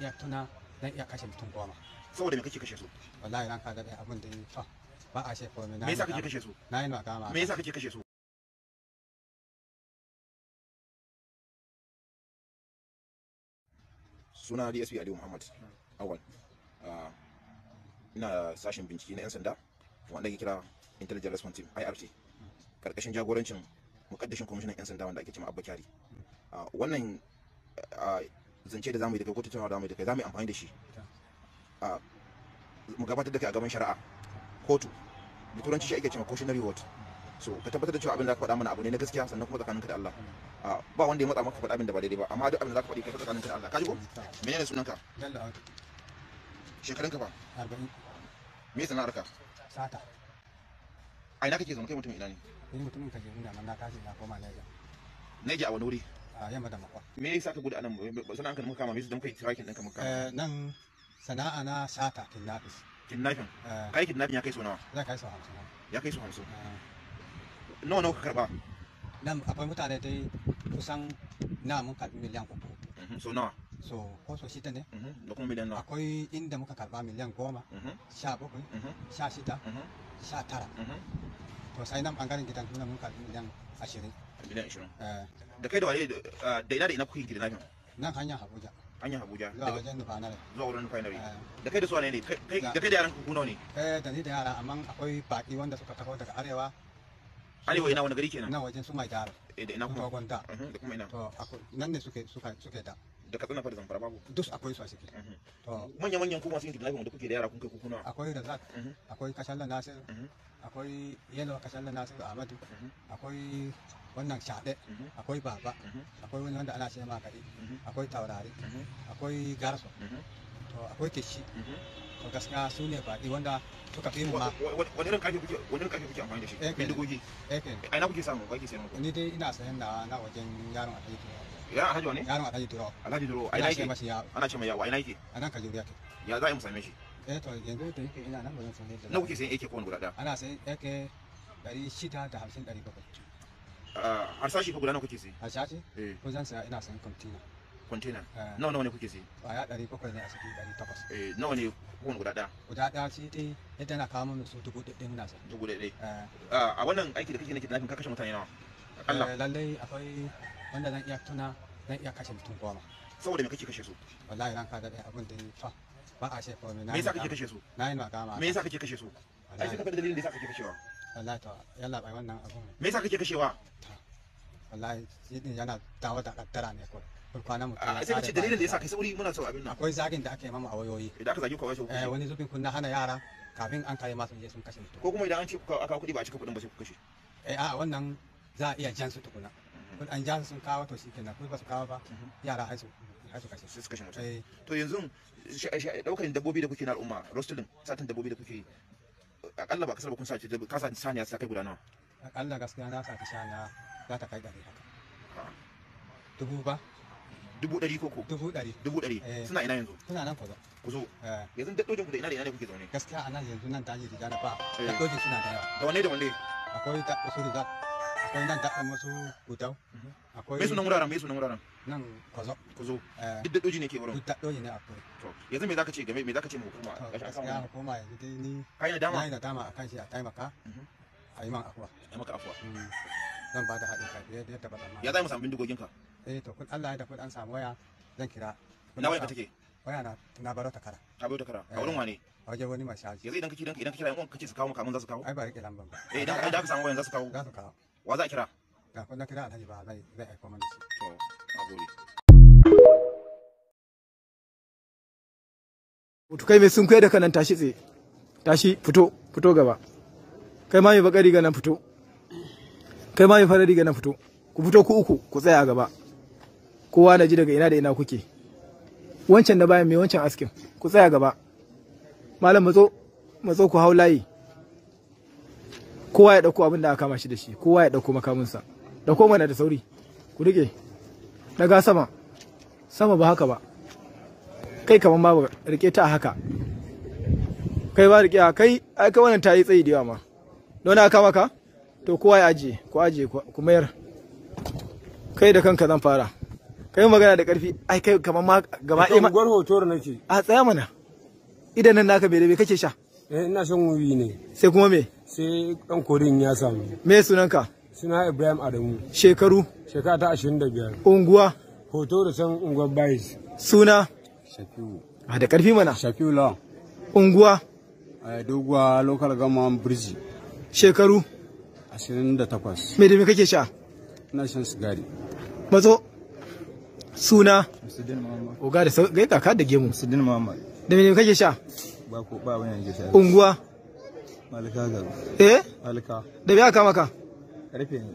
iya tuna zan iya kashe mutum goma saboda me kake kashe su wallahi ran kaga abin da ni fa ba a shefa me yasa kake kashe su na yi magana me yasa kake kashe su suna DSP Aliyu Muhammad Awal ah, ina sashen bincike na 'yan sanda wanda ke kira Intelligent Response Team IRT karkashin jagorancin mukaddashin kwamishinan 'yan sanda wanda ake cewa Abba Kyari ah, wannan ah, zance da zamu yi da kai ko tattaunawa da zamu yi da kai zamu yi amfani da shi mu gabatar da kai a gaban shari'a kotu da turanci shi ake cewa cautionary word so ka tabbatar da cewa abin da ka faɗa mana abu ne na gaskiya sannan kuma tsakaninka da Allah ba wanda ya matsa maka faɗa abin da ba daidai ba amma duk abin da zaka faɗi kai tsakaninka da Allah ka ji ko menene sunanka Bello shekarunka ba 40 me ka sata ai na kake zama kai mutum ina ne ni mutumin kaje inda nan na tashi na koma Niger Niger a wani wuri a ah, yamma da makwa me yasa ka gudu anan sana'an ka muka kama me yasa dan kai tirakin din ka muka kama eh, nan sana'a na sata kidnapping kidnapping eh. kai kidnapping ya kai so nawa zan kai so 50 ya kai so 50 eh. nawa nawa ka karba nan akwai mutane dai kusan na mun karbi miliyan uku mhm, so nawa so ko so shida ne mhm, da kuma miliyan nawa akwai inda muka karba miliyan goma mhm. sha bakwai sha shida sha tara to sai nan bangaren gidan kuma mun karbi miliyan ashirin miliyan ashirin eh. da kai da waye eh, da ina da ina kuke kidnapping nan hanyar abuja hanyar abuja zuwa wajen nufanare zuwa wurin nufanare eh. da kai da suwa ne ne da kai da yaran kuku ne eh da ni da yara amma akwai baki wanda suka taho daga arewa arewa ina wani gari kenan nan wajen su mai gara eh da ina kuma gwanta mhm, da kuma ina to nan ne suke suka suke da da katsina fa da zamfara babu duk akwai su a ciki mhm. to manya manyan kuma sun kidnapping da kuke da yara kun kai kuna akwai mhm. mhm. da zak akwai kashalla nasir akwai yalo kashalla nasir ahmadu akwai wannan shaɗe akwai baba akwai wani wanda ana ce ma kaɗi akwai taurari akwai garso to akwai tishi to gaskiya su ne baɗi wanda suka fi ma wani irin karfe kuke wani irin karfe kuke amfani da shi bindigogi ai na kuke samu ba kuke sayan ni dai ina sayan na na wajen yaron a ya alhaji wani yaron alhaji turawa alhaji turawa ai nake mashi yawo ana ce mai yawo ai nake a nan kajuri yake ya za a mu same shi eh to yanzu da yake ina nan ba zan same shi na kuke sayan AK kowane guda daya ana sayan AK 650 700 harsashi fa guda nawa kuke sayi harsashi eh ko zan saya ina sayan container container eh. nawa nawa ne kuke sayi kwaya 700 ne a ciki takwas. eh nawa ne kowane guda daya guda daya ce dai yadda na kawo mana su dubu ɗaya sa dubu ɗaya eh. ah, a wannan aiki da kake na kidnapping kashe mutane nawa eh, Allah lallai akwai wanda zan iya tuna zan iya kashe mutum goma saboda me kake kashe su wallahi ranka da dai abin da ni fa ba a ce komai na me yasa kake kashe su na yi magana me yasa kake kashe su ai sai ka dalilin da yasa kake kashewa wallahi to yalla bai wannan abun me yasa kake kashewa wallahi shi din yana dawo da kaddara ne kawai kwanan mu a ah, sai kace dalilin da yasa kai sauri muna so abin nan akwai zagin da ake mamu a wayoyi idan aka zagi ku kashe eh wani zubin kun na hana yara kafin an kai masu je sun kashe mutum ko kuma idan an ce aka kuɗi ba a cika kuɗin ba sai ku kashe eh a wannan za a iya jan su tukuna an ja sun kawo to shikenan kun ba su kawo ba mhm. yara haisu haisu kashe su kashe mutum eh. to yanzu daukan dabbobi da kuke na al'umma rostulin satin dabbobi da kuke akalla ba kasar ba kun sace ka sace saniya sai kai guda nawa akalla gaskiya na sace saniya za ta kai dari haka dubu ba dubu dari ko ko dubu dari. dubu dari eh. suna ina yanzu suna nan kwazo ku zo eh. yanzu daddojin ku da ina da ina ne kuke zaune gaskiya anan nan yanzu nan daji riga da ba daddojin suna da yawa da wanne da wanne akwai ta usuri za akwai nan taɓa wuraren mai sunan wuraren nan kwazo kwazo eh. duk da doji ne ke wurin duk da doji ne yanzu me zaka ce game me zaka ce mu hukuma gaskiya hukuma yanzu dai ni kai na dama na dama akan shi a taimaka mhm. a yi man afuwa a maka afuwa mm. zan ba da haɗin kai yadda yadda ba ya mu samu bindigogin ka eh to kun Allah ya da kun an samu waya zan kira na waya ka take waya na na baro ta kara ta baro a eh. wurin wane a wajen wani mashaji yanzu idan ka kira idan ka kira yan uwan ce su kawo maka mun za su kawo ai ba rike lamban ba eh idan ka samu wayan za su kawo za su kawo wa za a kira ga kun kira alhaji ba zai zai aika mana shi to nagode Mutu kai mai sun kai da kanan tashi tse tashi fito fito gaba kai ma mai baka riga nan fito kai ma mai fara riga nan fito ku fito ku uku ku tsaya a gaba kowa na ji daga ina da ina kuke wancan na bayan mai wancan askin ku tsaya gaba malam matso matso ku hau layi kowa ya dauko abin da aka kama shi da shi kowa ya dauko makaminsa dauko mana da sauri ku rike daga sama sama ba haka ba kai kaman ba rike ta haka kai ba rike kai ai kai wannan tayi tsayi da yawa ma don aka maka to kowa ya aje ku aje ku mayar kai da kanka zan fara kai magana da karfi ai kai kaman ma gaba ɗaya gwar hoto ne nake a tsaya mana idan nan naka bai da bai kake sha eh ina shan wuyi ne sai kuma me sai ɗan korin ya samu me sunanka suna ibrahim adamu shekaru shekara ta ashirin da biyar. unguwa hoto da san unguwar bayis suna shafiu a ah, da karfi mana shafiu lawan unguwa a eh, doguwa local government birji shekaru takwas. me da me kake sha ina shan sigari matso suna oga da gaita ka da gemu da me kake sha ba ko ba wani unguwa Malika ga. Eh? Malika. Da me aka maka? Karfe ne.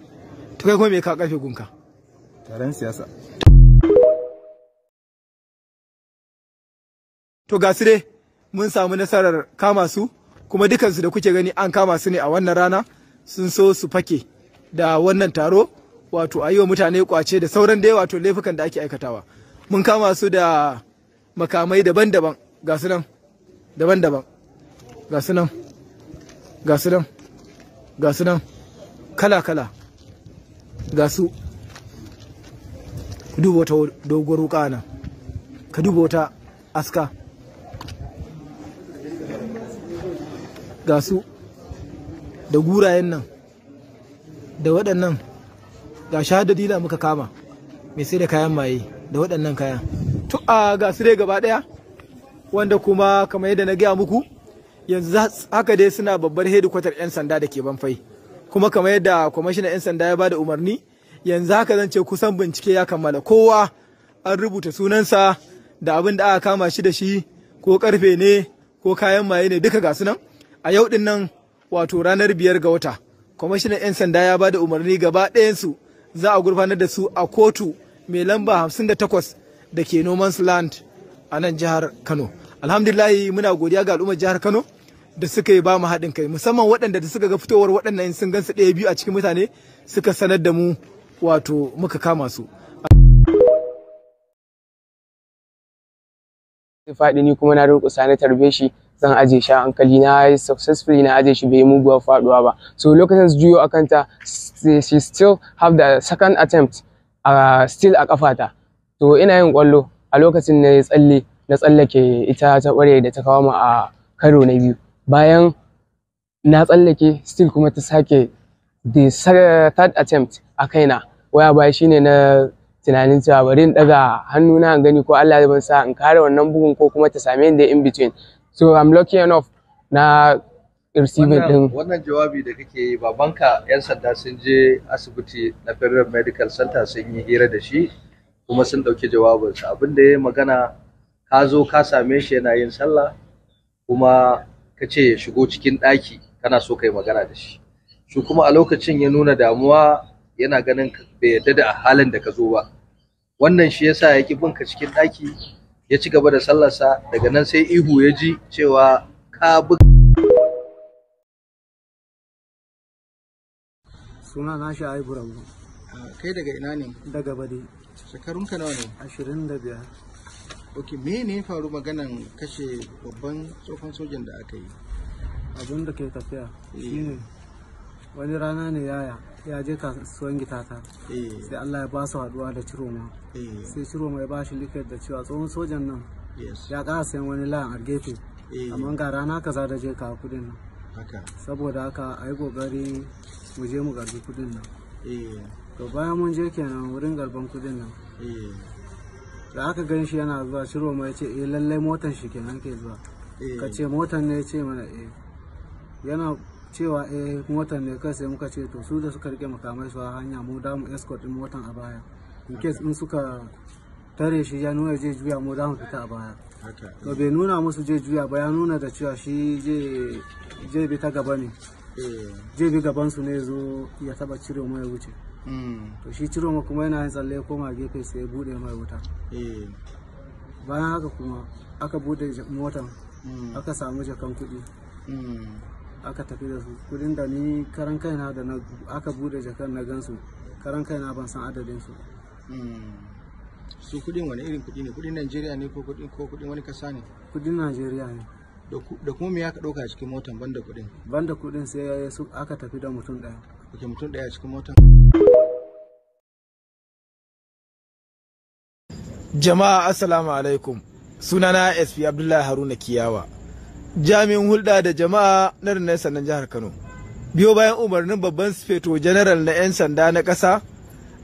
To kai kuma me ka karfe gunka? Taron siyasa. To ga su dai mun samu nasarar kama su kuma dukansu da kuke gani an kama su ne a wannan rana sun so su fake da wannan taro wato a yi wa mutane kwace da sauran dai wato laifukan da ake aikatawa. Mun kama su da makamai daban-daban ga su nan daban-daban ga su nan. ga su nan ga nan kala kala ga su duba wata doguwar wuka nan ka duba wata aska ga su da gurayen nan da waɗannan ga shahadadi da muka kama mai sai da kayan maye da waɗannan kayan to a ga dai gaba ɗaya wanda kuma kamar yadda na gaya muku yanzu haka dai suna babbar hedikwatar 'yan sanda da ke banfai kuma kamar yadda kwamishinan 'yan sanda ya bada umarni yanzu haka zan ce kusan bincike ya kammala kowa an rubuta sunansa da abin da aka kama shi da shi ko karfe ne ko kayan maye ne duka gasu nan a yau din nan wato ranar biyar ga wata kwamishinan 'yan sanda ya bada umarni gaba ɗayansu za a gurfanar da su a kotu mai lamba hamsin da takwas ke noman land a nan jihar kano alhamdulillahi muna godiya ga al'ummar jihar kano da suka yi ba mu haɗin kai musamman waɗanda da suka ga fitowar waɗannan sun gansu ɗaya biyu a cikin mutane suka sanar da mu wato muka kama su faɗi ni kuma na durƙusa na tarbe shi zan aje shi hankali na yi successfully na aje shi bai muguwa faɗuwa ba so lokacin su juyo akan ta she still have the second attempt uh, still a kafata to ina yin ƙwallo a lokacin na tsalle na tsallake ita ta ƙware da ta kawo mu a karo na biyu bayan na tsallake still kuma ta sake the third attempt a kaina waya baya shine na tunanin cewa bari in daga hannuna in gani ko Allah zai sa in kare wannan bugun ko kuma ta same ni da in between so I'm lucky enough na receiving din wannan jawabi da kake yi babanka yan sanda sun je asibiti na Federal Medical Center sun yi hira da shi kuma sun dauki jawabinsa abin da ya magana ka zo ka same shi yana yin sallah kuma ka ce ya shigo cikin ɗaki kana so ka yi magana da shi shi kuma a lokacin ya nuna damuwa yana ganin bai yarda da halin da ka zo ba wannan shi yasa ya ki binka cikin ɗaki ya ci gaba da sallarsa daga nan sai ihu ya ji cewa ka bi suna na kai daga ina ne daga bade shekarunka nawa ne 25 ok mene faru maganan kashe babban tsohon sojan da aka yi abin da ke tafiya eh. shine wani rana ne yaya ya je kasuwan ta. Eh. sai allah ya ba su haduwa da ciroma eh. sai ciroma ya ba shi likar da cewa tsohon sojan nan ya ƙara sayan wani la'an a gefe amma ga rana kaza da je ka kudin nan saboda haka a yi ƙoƙari mu je mu garbi kudin nan to bayan mun je kenan wurin garban kudin nan da aka gan shi yana zuwa ciro mai ce eh lallai motan shi kenan ke zuwa eh. ka ce motan ne ce mana eh yana cewa eh motan ne kai sai muka ce to su da suka rike makamai su a hanya mu da mu escort din motan a baya in case din suka tare shi ya nuna zai juya mu za mu fita a baya to bai nuna musu zai juya ba ya nuna da cewa shi zai bi ta gaba ne eh. zai bi gaban su ne zo ya taba cire mu ya wuce Mm. to shi ciro ma kuma yana yin tsalle koma gefe sai ya bude mai wuta eh. bayan haka kuma aka bude motan mm. aka samu jakan kuɗi mm. aka tafi da su kudin da ni karan kaina da aka bude jakan na gansu karan kaina ban san adadin su su kudin wani irin kudi ne kudin najeriya ne ko kudin wani kasa ne kudin najeriya ne da kuma me aka dauka a cikin motan banda kudin banda kudin sai aka tafi da mutum daya ok mutum daya a cikin motan Jama'a Assalamu alaikum sunana SP Abdullahi Haruna Kiyawa jami'in hulɗa da jama'a na rundunar sandan jihar Kano biyo bayan umarnin babban sufeto general na 'yan sanda na ƙasa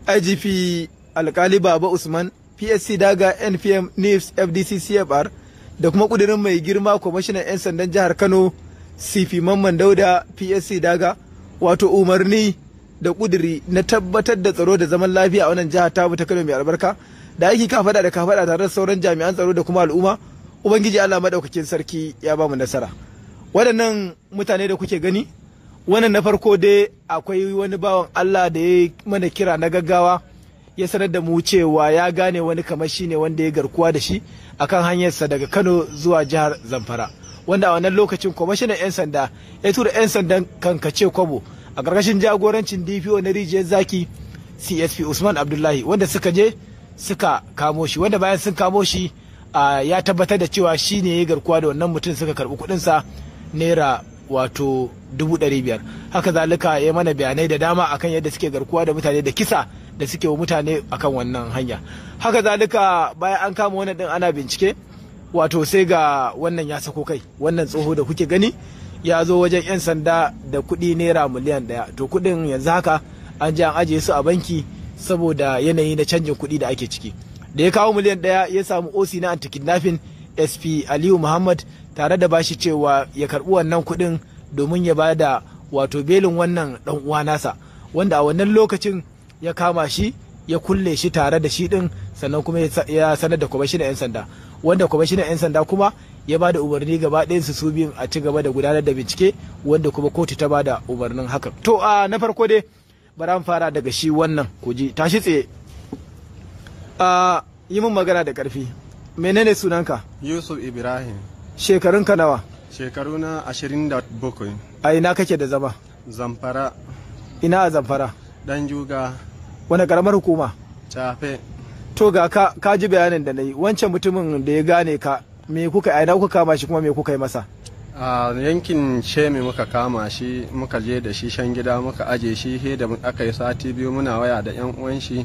IGP alkali Baba Usman PSC daga NPM NIFS FDC CFR da kuma ƙudurin mai girma kwamishinan 'yan sandan jihar Kano CP Mamman Dauda PSC daga wato umarni da ƙuduri na tabbatar da tsaro da zaman lafiya a wannan jihar ta Kano mai albarka da aiki ka faɗa da ka faɗa tare da sauran jami'an tsaro da kuma al'umma ubangiji Allah madaukakin sarki ya ba mu nasara waɗannan mutane da kuke gani wannan na farko dai akwai wani bawan Allah da ya mana kira na gaggawa ya sanar da mu cewa ya gane wani kamar shi ne wanda ya garkuwa da shi akan hanyarsa daga Kano zuwa jihar Zamfara wanda a wannan lokacin kwamishinan 'yan sanda ya tura 'yan sandan kankace kwabo a ƙarƙashin jagorancin DPO na rijiyar zaki CSP Usman Abdullahi wanda suka je suka kamo shi wanda bayan sun kamo shi ya tabbatar da cewa shi ne ya garkuwa da wannan mutum suka karbi kuɗinsa naira wato dubu ɗari biyar haka zalika ya mana bayanai da dama akan yadda suke garkuwa da mutane da kisa da suke wa mutane akan wannan hanya haka zalika bayan an kama wannan din ana bincike wato sai ga wannan ya sako kai wannan tsoho da kuke gani ya zo wajen 'yan sanda da kuɗi naira miliyan ɗaya to kuɗin yanzu haka an je an ajiye su a banki saboda yanayi na canjin kuɗi da ake ciki da ya kawo miliyan ɗaya ya samu osi na antikidnafin sp aliyu muhammad tare da bashi cewa ya karɓi wannan kuɗin domin ya bada wato belin wannan ɗan uwa nasa wanda a wannan lokacin ya kama shi ya kulle shi tare da shi ɗin sannan kuma ya sanar da kwamishinan 'yan sanda wanda kwamishinan 'yan sanda kuma ya ba da umarni gaba ɗayan su su biyun a ci gaba da gudanar da bincike wanda kuma kotu ta bada umarnin hakan to a na farko dai bari an fara daga shi wannan kuji tashi tsaye a yi min magana da karfi menene sunanka yusuf ibrahim shekarunka nawa shekaru na ashirin da a ina kake da zama zamfara ina a zamfara dan juga wani karamar hukuma tafe to ga ka, ka ji bayanin da na yi wancan mutumin da ya gane ka me kuka ina kuka kama shi kuma me kuka yi masa a yankin shemi muka kama shi muka je da shi shan gida muka aje shi he da aka yi sati biyu muna waya da yan uwan shi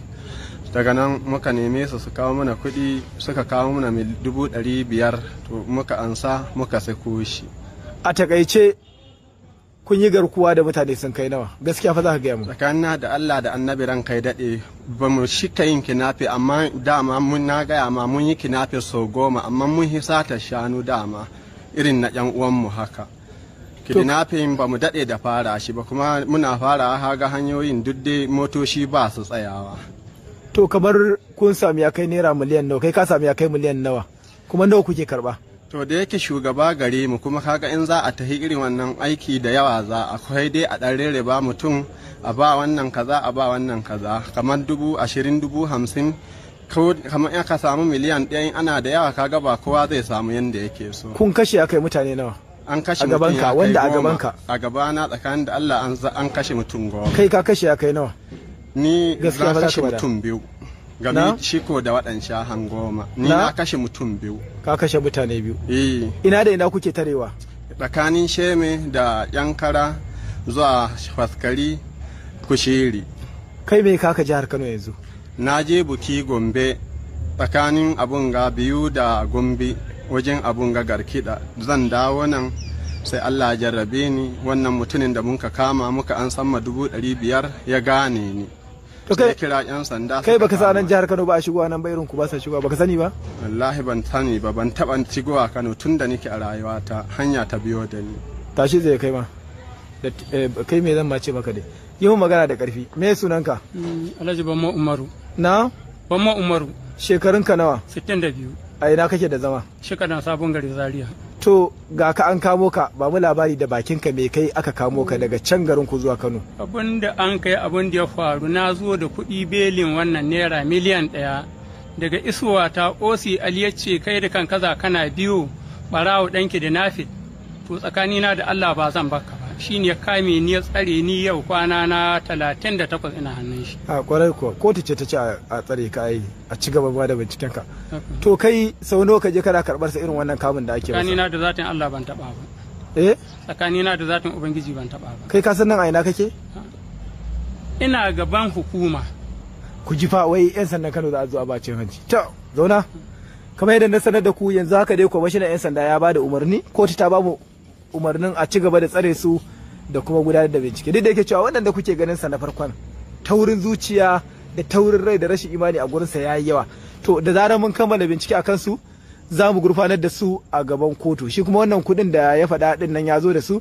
daga nan muka neme su su kawo mana kuɗi suka kawo mana dubu ɗari biyar to muka ansa muka sako shi a takaice kun yi garkuwa da mutane sun kai nawa gaskiya fa za ka gaya mu tsakanin da Allah da annabi ran kai daɗe ba mu shika yin kinafe amma dama mun na gaya ma mun yi kinafe sau goma amma mun hisata shanu dama irin na yan uwanmu haka kidnapping ba mu daɗe da fara shi ba kuma muna fara haga hanyoyin duk dai motoci ba su tsayawa to kamar kun sami ya kai naira miliyan nawa kai ka sami ya kai miliyan nawa kuma nawa kuke karba to da yake shugaba gare mu kuma kaga in za a tafi irin wannan aiki da yawa za akwai dai a ɗan rere ba mutum a ba wannan kaza a ba wannan kaza kamar dubu ashirin dubu hamsin kamar ya ka samu miliyan ɗaya ana da yawa ka gaba kowa zai samu yadda yake so kun kashe akai mutane nawa an kashe gaban ka wanda a gaban ka a gabana tsakanin da Allah an kashe mutum goma kai ka kashe akai nawa ni na kashe mutum biyu game shiko da waɗancan hangoma ni na kashe mutum biyu ka kashe mutane biyu eh. ina da ina kuke tarewa tsakanin sheme da yankara zuwa faskari kushiri kai me kaka jihar kano yanzu na je buki gombe tsakanin abun ga biyu da gombe wajen abun ga garkida zan dawo nan sai allah jarrabe ni wannan mutumin da muka kama muka an samma dubu ɗari biyar ya gane ni kai kira yan sanda kai baka sa nan jihar Kano ba a shigowa nan ba irin ku ba sa shigowa baka sani ba wallahi ban sani ba ban taba shigowa Kano tun da nake a rayuwata hanya ta biyo da ni tashi zai kai ma eh, kai me zan ma ce maka dai yi magana da karfi me sunanka Alhaji Bamma Umaru na bamma umaru ka nawa 62 a ina kake da zama Shekarun sabon gari zaria to ga ka an kamo ka ba mu labari da bakin ka me kai aka kamo ka daga can garin ku zuwa Kano abin da an kai abin da ya faru na zo da kuɗi belin wannan naira miliyan ɗaya daga isuwa ta osi ali ya ce kai da za kana biyo barawo ɗanki da nafi to tsakanina da Allah ba zan baka ba ne kame ni ya tsare ni yau kwana na 38 ina hannun shi a kwarai kuwa kotu ce ta ce a tsare ka ai a ci gaba ba da binciken ka to kai sau nawa ka je kana karbar sa irin wannan kamun da ake masa tsakanina da zatin Allah ban taɓa ba eh tsakanina da zatin ubangiji ban taɓa ba kai ka san nan a ina kake ina gaban hukuma ku ji fa wai yan sandan Kano za a a bacin hanci to zauna kamar yadda na sanar da ku yanzu haka dai kwamishinan yan sanda ya bada umarni kotu ta babu umarnin a ci gaba da tsare su da kuma gudanar da bincike duk da yake cewa wannan da kuke ganin sa na farkon taurin zuciya da taurin rai da rashin imani a gurinsa ya yi yawa to da zarar mun kammala bincike a kansu za mu gurfanar da su a gaban kotu shi kuma wannan kuɗin da ya faɗa ɗin nan ya zo da su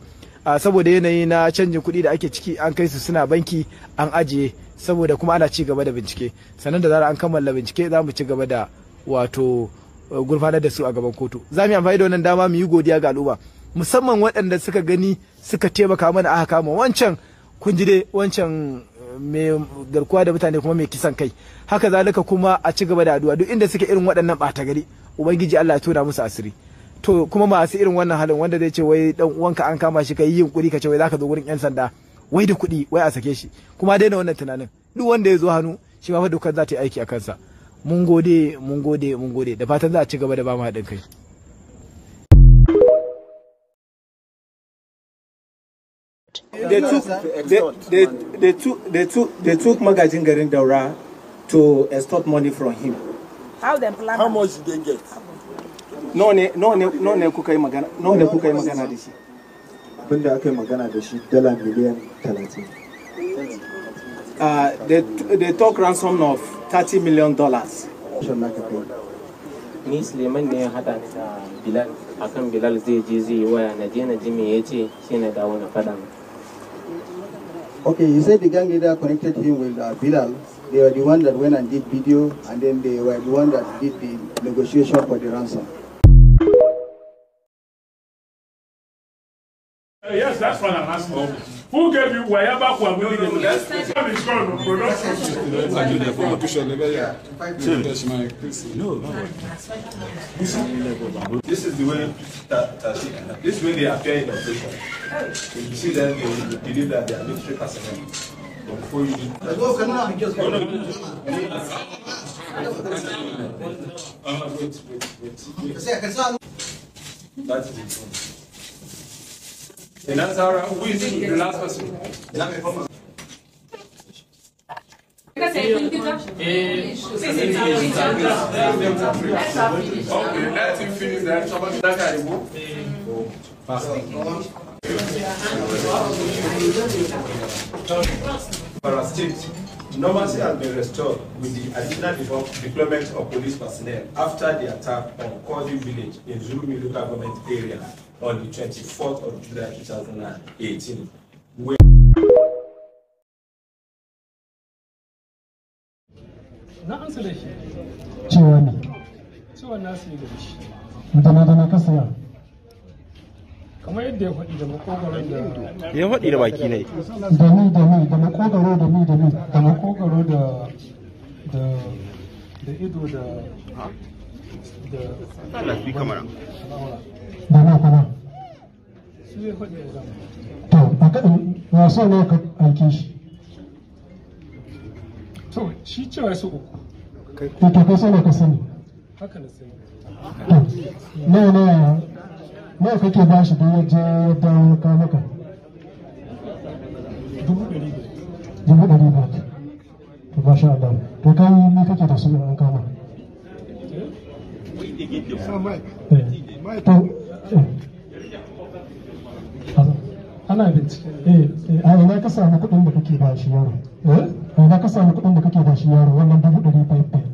saboda yanayi na canjin kuɗi da ake ciki an kai su suna banki an ajiye saboda kuma ana ci gaba da bincike sannan da zarar an kammala bincike za mu ci gaba da wato gurfanar da su a gaban kotu za mu yi amfani da wannan dama mu yi godiya ga al'umma musamman waɗanda suka gani suka taimaka mana aka kama wancan kun ji dai wancan eh, mai garkuwa da mutane kuma mai kisan kai haka zalika kuma a ci gaba da addu'a duk inda suke irin waɗannan ɓata gari ubangiji Allah ya tona musu asiri to kuma masu irin wannan halin wanda zai ce wai dan uwanka an kama shi kai yin kuɗi ka ce wai zaka zo gurin yan sanda wai da kuɗi wai a sake shi kuma daina wannan tunanin duk wanda ya zo hannu shi ma fa dokar za ta yi aiki a kansa mun gode mun gode mun gode da fatan za a ci gaba da ba mu haɗin kai They took, they, they, they, took, they took, they took Magazine Garin to extort money from him. How them plan? How much did they get? No ne, no ne, no ne kuka magana, no ne kuka magana da shi. Abin magana da shi dala Uh, they, they took ransom of 30 million dollars. ni suleiman ne hada da bilal akan bilal zai je zai waya na je na ji me ya ce shi na fada Okay, you said the gang leader connected him with uh, Bilal. They were the one that went and did video, and then they were the one that did the negotiation for the ransom. Uh, yes, that's what I'm asking. Who gave you whatever for million? production. I do the form No. This is the way that, this is when they appear in operation. You see them, they believe that they are military personnel. before you That is the El ahora with the last person. Dame forma. Okay, normalcy has been restored with the additional deployment of police personnel after the attack on Kodi village in Zulu local government area on the 24th of July 2018. na shi cewa ne cewa na su yi da shi dana kamar yadda ya faɗi da makogaron da ya faɗi da baki ne da ni da ni da makogaro da ni da ni da makogaro da da ido da Allah su kamara. Ba na To, wasa ne ka shi. To, shi cewa su uku. To, to ka sani. Haka na sani. To, na kake ba shi don yaje ka maka. Dubu ɗari biyar. Dubu ɗari To, Allah. To, kai ni kake da su an kama. ana bincike eh, eh, a ina ka samu kuɗin da kake ba shi yaro eh ina ka samu kuɗin da kake ba shi yaro wannan dubu ɗari faifai